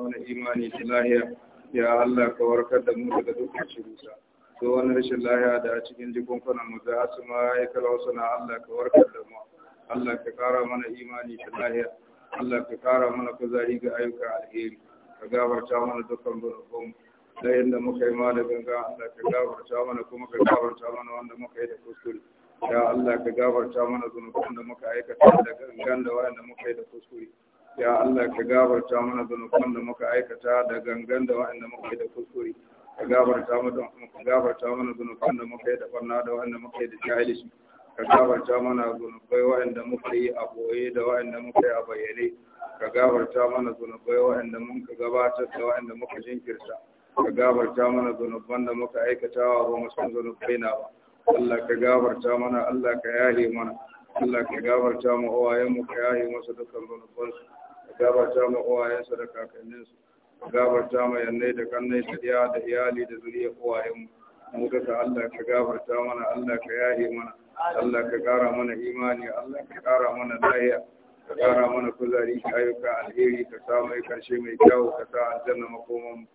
mana imani da lahiya ya Allah ka warkar da mu daga dukkan shirusa to wani rashin lahiya da a cikin jikunkunan mu da asuma ya kalau suna Allah ka warkar da mu Allah ka kara mana imani da lahiya Allah ka kara mana kuzari ga ayyuka alheri ka gafarta mana dukkan gurbin da yadda muka yi ma da ganga Allah ka gafarta mana kuma ka gafarta mana wanda muka yi da kuskure ya Allah ka gafarta mana zunuban da muka aikata da gangan da wanda muka yi da kuskure ya Allah ka gabarta mana nufin da muka aikata da gangan da wa'anda muka yi da kuskure ka gabarta mana ka gabarta mana nufin da muka yi da barna da wa'anda muka yi da jahilci ka gabarta mana nufin wa'anda muka yi a boye da wa'anda muka yi a bayyane ka gabarta mana nufin wa'anda muka gabatar da wa'anda muka jinkirta ka gabarta mana nufin da muka aikata wa ba mu san nufin na ba Allah ka gabarta mana Allah ka yahe mana Allah ka gabarta mu uwayen mu ka yahe masa dukkan zanubansu gafarta ma uwayensu da kakanninsu gafarta ma yannai da kannai da diya da iyali da zuriya uwayenmu mu duka Allah ka gafarta mana Allah ka yahe mana Allah ka kara mana imani Allah ka kara mana lahiya ka kara mana kuzari ka ayyuka alheri ka sa mai karshe mai kyau ka sa aljanna makoman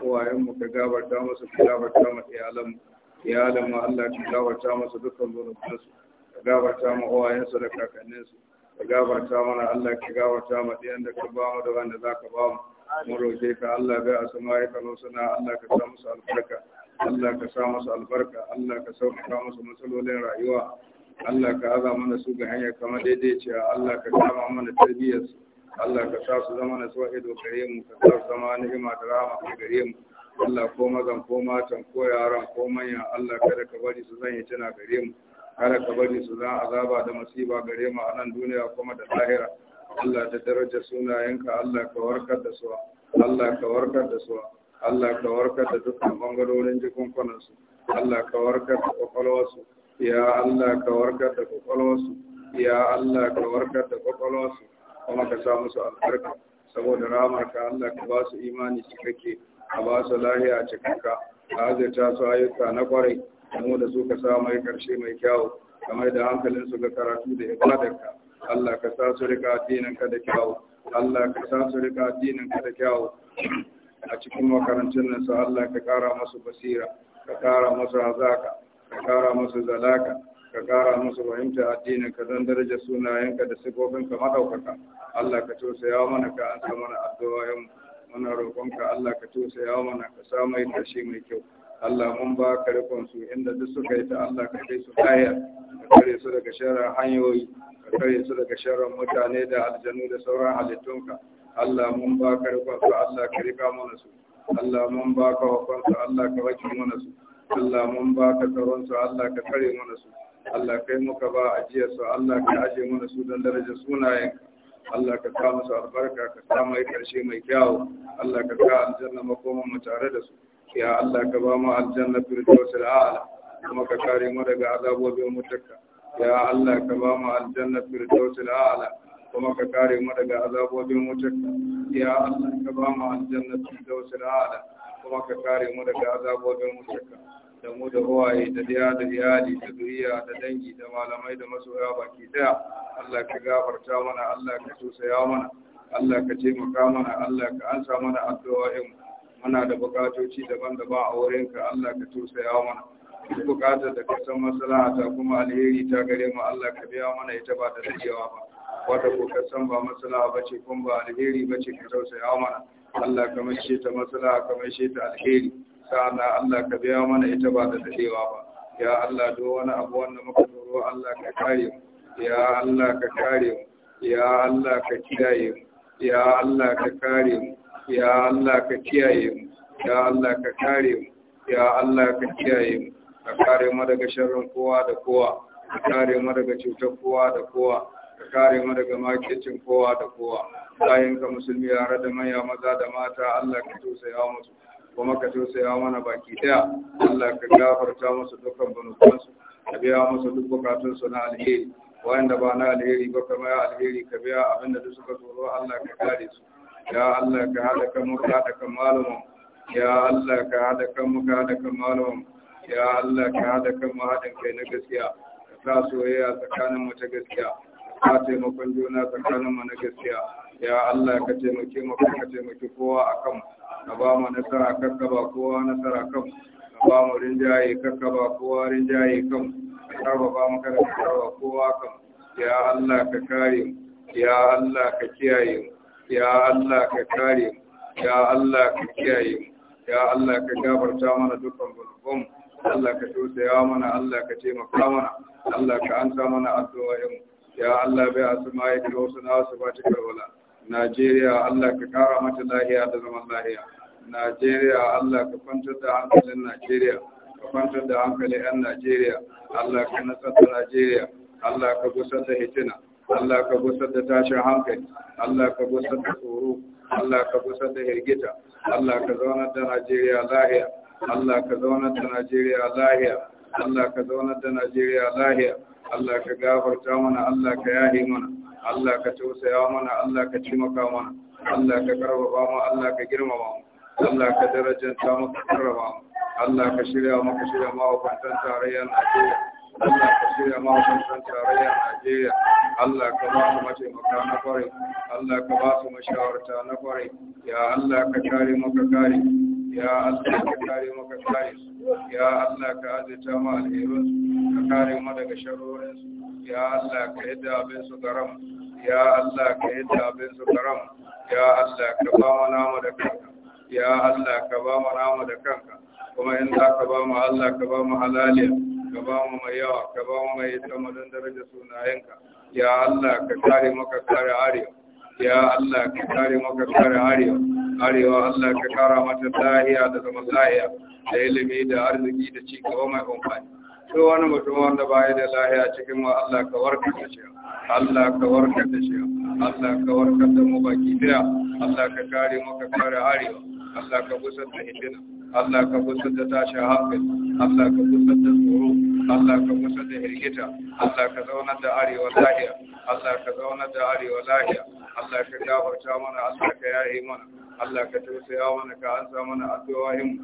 uwayenmu ka gafarta musu ka gafarta ma iyalanmu iyalanmu Allah ka gafarta musu dukkan zunubansu ka gafarta ma uwayensu da kakanninsu ka gafarta mana Allah ka gabata mu ɗiyan da ka ba mu da wanda za ka ba mu mun roƙe ka Allah bai a sama ya kano suna Allah ka sa musu albarka Allah ka sa musu albarka Allah ka sauka musu matsalolin rayuwa Allah ka aza mana su ga hanyar kamar daidai ce Allah ka kama mana tarbiyyar. Allah ka sa su zama na ido gare mu ka sa su zama ni'ima da rama a gare mu Allah ko mazan ko matan ko yaran ko manya Allah kada ka bari su zanye tana gare mu kada ka bari su zan azaba da masiba gare mu a nan duniya kuma da lahira Allah da daraja sunayenka Allah ka warkar da su Allah ka warkar da su Allah ka warkar da dukkan bangarorin jikunkunan su Allah ka warkar da su. ya Allah ka warkar da su. ya Allah ka warkar da su. kuma ka sa musu albarka saboda ramar ka Allah ka ba su imani cikakke a ba su lahiya cikakka ka ta su ayyuka na kwarai kamo da su ka sa mai karshe mai kyau. kamar da hankalin su ga karatu da ibadarka Allah ka sa su rika addinin ka da kyau. Allah ka sa su rika addinin ka da kyau. a cikin makarantun nan su Allah ka kara musu basira ka kara musu azaka ka kara musu zalaka ka kara musu fahimta addinin ka don daraja sunayenka da sifofinka madaukaka Allah ka ya mana ka ansa mana addu'o'in muna roƙonka Allah ka ya mana ka sa mai tashi mai kyau Allah mun ba ka rikon su inda duk suka yi ta Allah ka kai su kaya ka kare su daga sharar hanyoyi ka kare su daga sharar mutane da aljanu da sauran halittunka Allah mun ba ka rikon su Allah ka rika mana su Allah mun ba ka wakon su Allah ka waki mana su Allah mun ba ka tsaron su Allah ka kare mana su Allah kai muka ba ajiyar su Allah ka aje mana su don darajar sunayen Allah ka kama su albarka ka kama yi karshe mai kyawu Allah ka sa aljanna makoman mu tare da su ya Allah ka ba mu aljanna firdausul a'la kuma ka kare mu daga azabobin mutaka ya Allah ka ba mu aljanna firdausul a'la kuma ka kare mu daga azabobin mutaka ya Allah ka ba mu aljanna firdausul a'la kuma ka kare mu daga azabobin mutaka da mu da hawaye da diya da iyali da zuriya da dangi da malamai da masoya baki daya Allah ka gafarta mana Allah ka tusaya mana Allah ka taimaka mana Allah ka ansa mana addu'o'in mu muna da bukatoci daban-daban a wurinka Allah ka tausaya mana duk bukatar da ka san maslaha ta kuma alheri ta gare mu Allah ka biya mana ita ba da dadewa ba wanda ko ka san ba maslaha bace kun ba alheri bace ka tausaya mana Allah ka mace ta maslaha ka mace ta alheri sa'ana Allah ka biya mana ita ba da dadewa ba ya Allah duk wani abu wanda muka tsoro Allah ka kare mu ya Allah ka kare mu ya Allah ka kiyaye mu ya Allah ka kare mu ya Allah ka kiyaye mu ya Allah ka kare mu ya Allah ka kiyaye mu ka kare mu daga sharrin kowa da kowa ka kare mu daga cutar kowa da kowa ka kare mu daga makicin kowa da kowa bayan ka musulmi yare da manya maza da mata Allah ka tausaya musu kuma ka tausaya mana baki daya Allah ka gafarta musu dukkan banukansu ka biya musu duk bukatunsu na alheri wayanda ba na alheri ba kamar alheri ka biya abinda duk suka tsoro Allah ka kare su ya Allah ka hada kanmu ka hada kan malamin ya Allah ka hada kanmu ka hada kan malamin ya Allah ka hada kanmu hadin kai na gaskiya ka sa soyayya tsakanin ta gaskiya ka taimakon juna tsakanin na gaskiya ya Allah ka taimake mu kowa akan ka ba mu nasara kakka ba kowa nasara kan ka ba kowa rinjaye kan ka kada ka kowa kan ya Allah ya Allah ka kiyaye mu ya Allah ka kare mu ya Allah ka kiyaye mu ya Allah ka gafarta mana dukkan zunubanmu Allah ka tausaya mana Allah ka taimaka mana Allah ka ansa mana addu'o'in ya Allah bai asma'i ka na wasu ba ta karwala Najeriya Allah ka kara mata lahiya da zaman lahiya Najeriya Allah ka kwantar da hankalin Najeriya ka kwantar da hankalin 'yan Najeriya Allah ka nasar da Najeriya Allah ka gusar da hitina Allah ka gusar da tashin hankali Allah ka gusar da tsoro Allah ka gusar da hirgita Allah ka zaunar da Najeriya lahiya Allah ka zaunar da Najeriya lahiya Allah ka zaunar da Najeriya lahiya Allah ka gafarta mana Allah ka yahi mana Allah ka tausaya mana Allah ka cimaka mana Allah ka karfafa mu Allah ka girmama mu Allah ka darajanta mu ka karrama mu Allah ka shirya mu ka shirya mu kwantar tarayyar Najeriya Allah ka shirya mu kwantar tarayyar Najeriya Allah ka ba mu mataimaka na kwarai Allah ka ba su mashawarta na kwarai ya Allah ka kare maka kare ya Allah ka kare maka kare ya Allah ka azita ma alherin ka kare mu daga sharorin ya Allah ka yadda abin su garam ya Allah ka yadda abin su garam ya Allah ka ba mu namu da kanka ya Allah ka ba mu namu da kanka kuma in za ka ba mu Allah ka ba mu halaliya ka ba mu mai yawa ka ba mu mai sama don daraja sunayenka ya Allah ka kare maka kare arewa ya Allah ka kare maka kare arewa arewa Allah ka kara mata lahiya da zaman lahiya da ilimi da arziki da ci gaba mai amfani to wani mutum wanda ba ya da lahiya cikin wa Allah ka warkar da shi Allah ka warkar da shi Allah ka warkar da mu baki daya Allah ka kare maka kare arewa Allah ka busar da hidina Allah ka busar da tashin hankali Allah ka busar da tsoro Allah ka musa da hirgita Allah ka zaunar da arewa lahiya Allah ka zaunar da arewa lahiya Allah ka gafarta mana Allah ka yaye mana Allah ka tausaya mana ka ansa mana addu'o'in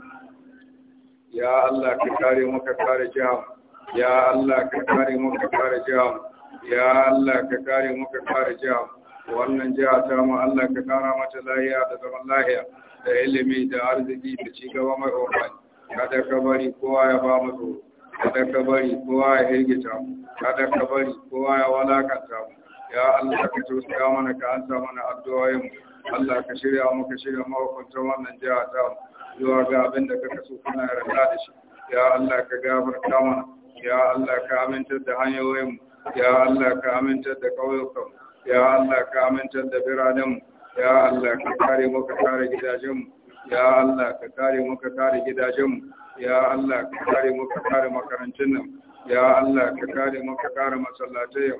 ya Allah ka kare mu ka kare jiha ya Allah ka kare mu ka kare jiha ya Allah ka kare mu ka kare jiha wannan jiha ta mu Allah ka kara mata lahiya da zaman lahiya da ilimi da arziki da cigaba mai amfani kada ka bari kowa ya ba mu tsoro kada ka bari kowa ya hirgita mu kada ka bari kowa ya walakanta mu ya Allah ka tausaya mana ka ansa mana addu'o'in mu Allah ka shirya mu ka shirya ta wannan jiha ta mu zuwa ga abin da kaka so kana yarda da shi ya Allah ka gafarta mana ya Allah ka amintar da hanyoyin mu ya Allah ka amintar da kauyukan mu ya Allah ka amintar da biranen mu ya Allah ka kare mu ka kare gidajen mu ya Allah ka kare mu ka kare gidajenmu ya Allah ka kare mu ka kare makarantun nan ya Allah ka kare mu ka kare masallatai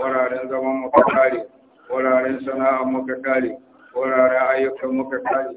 wuraren zaman mu ka kare wuraren sana'a mu ka kare wuraren ayyukan mu ka kare